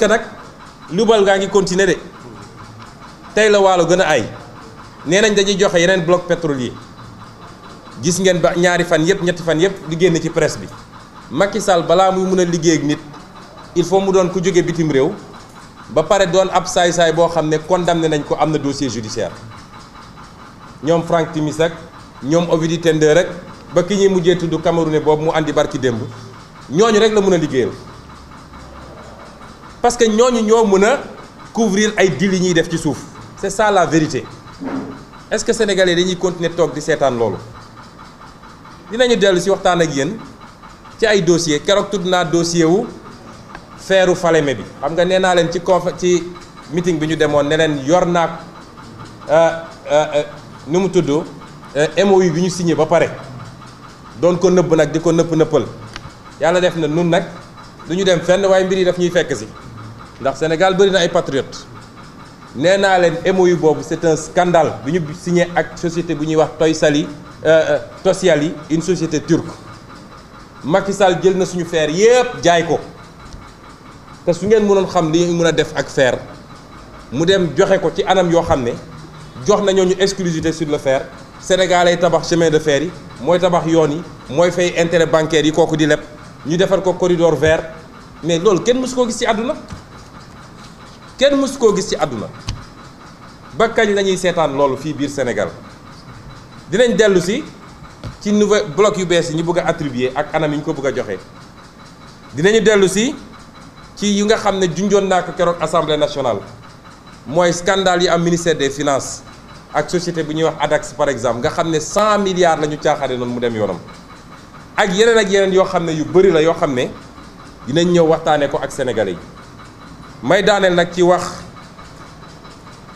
que nag lubal ngaa ngi continuer de tey la waalo gën a ay nee nañ dañuy joxe yeneen bloc pétrolier gis ngeen ba ñaari fan yëpp ñetti fan yëpp di génn ci presse bi Macky Sall balaa muy mun a liggéey ak nit il faut mu doon ku jóge bitim réew ba pare doon ab saay-saay boo xam ne condamné nañ ko am na dossier judiciaire ñoom Franck Timis ak ñoom Ovidi Tender rek ba ki ñuy mujjee tudd Camerounais boobu mu andi barki démb ñooñu rek la mun a liggéeyal. parce que ñooñu ñoo mën a couvrir ay dil yi ñuy def ci suuf c'est ça la vérité est-ce que sénégalais dañuy continuer toog di seetaan loolu dinañu dellu si waxtaan ak yéen ci ay dossier keroog tudd naa dossier wu feeru Falémé bi xam nga nee naa leen ci conf ci meeting bi ñu demoon ne leen yor naa euh, euh, euh, nu mu tudd MOU bi ñu signé ba pare doon ko nëbb nag di ko nëpp nëppal yàlla def na nun nag du ñu dem fenn waaye mbir yi daf ñuy fekk si ndax Sénégal bëri na ay patriotes nee naa leen yi boobu c'est un scandale bi ñu signé ak société bu ñuy wax Toysali euh, euh, yi une société turque Macky Sall jël na suñu fer yépp jaay ko te su ngeen mënoon xam ni ñu mën a def ak fer mu dem joxe ko ci anam yoo xam ne jox nañoo ñu ñooñu exclusivité sur le fer Sénégal ay tabax chemin de fer yi mooy tabax yoon yi mooy fay intérêt bancaire yi kooku di leb ñu defar ko corridor veer mais loolu kenn mësu ko gis ci àdduna kenn mësu koo gis ci àdduna ba kañ la ñuy seetaan loolu fii biir Sénégal dinañ dellu si ci nouveau bloc yu bees yi ñu bëgg a ak anam yi ñu ko bëgg a joxe dinañu dellu si ci yi nga xam ne junjoon naa ko keroog assemblée nationale mooy scandale yi am ministère des finances ak société bu ñuy wax ADAX par exemple nga xam ne 100 milliards la ñu caaxaane noonu mu dem yoonam ak yeneen ak yeneen yoo xam ne yu bëri la yoo xam ne dinañ ñëw waxtaanee ko ak sénégalais yi. may daaneel nag ci wax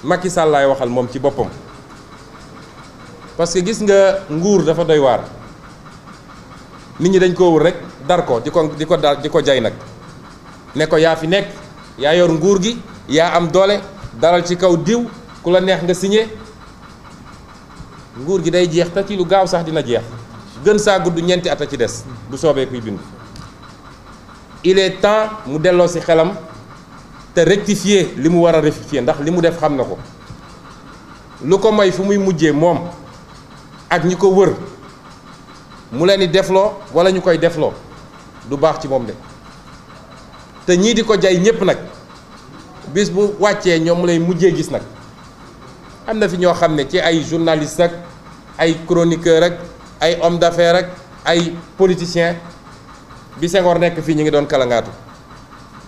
Macky Sall laay waxal moom ci boppam parce que gis nga nguur dafa doy waar nit ñi dañ ko wër rek dar ko di ko di ko dar di ko jay nag ne ko yaa fi nekk yaa yor nguur gi yaa am doole daral ci kaw diw ku la neex nga signé nguur gi day jeex te ci lu gaaw sax dina jeex gën saa gudd ñeenti at a ci des bu soobee kuy bind il est temps mu delloo si xelam te rectifier li mu war a rectifier ndax li mu def xam na ko lu ko may fu muy mujjee moom ak ñi ko wër mu leen di defloo wala ñu koy defloo du baax ci moom de te ñii di ko jay ñépp nag bis bu wàccee ñoom lay mujjee gis nag am na fi ñoo xam ne ci ay journaliste ak ay chroniqueur ak ay homme d'affaires ak ay politicien bi Senghor nekk fii ñu ngi doon kalangaatu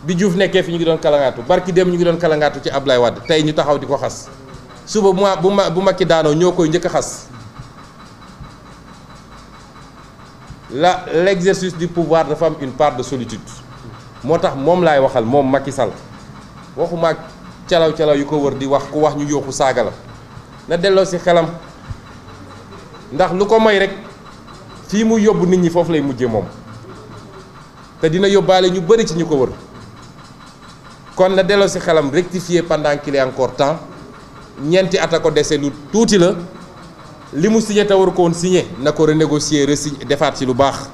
bi Diouf nekkee fi ñu ngi doon kalangaatu barki dem ñu ngi doon kalangaatu ci Ablaye Wade tey ñu taxaw di ko xas suba bu ma bu ma bu Macky daanoo ñoo koy njëkk a xas la l'exercice du pouvoir dafa am une part de solitude moo tax moom laay waxal moom Macky sal waxuma ak calaw calaw yi ko wër di wax ku wax ñu yooxu saaga la na delloo si xelam ndax lu ko may rek fii mu yóbbu nit ñi foofu lay mujje moom te dina yóbbaale ñu bëri ci ñu ko wër kon na delloo si xelam rectifier pendant qu'il encore temps ñeenti at a ko dese lu tuuti la li mu signé te waru ko woon signé na ko renégocier resigné defaat ci lu baax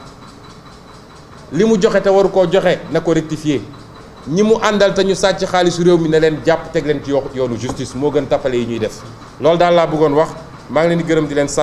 li mu joxe te waru koo joxe na ko rectifier ñi mu àndal te ñu sàcc xaalisu réew mi ne leen jàpp teg leen ci yoonu justice moo gën tappale yi ñuy def loolu daal laa bëggoon wax maa ngi di gërëm di leen sant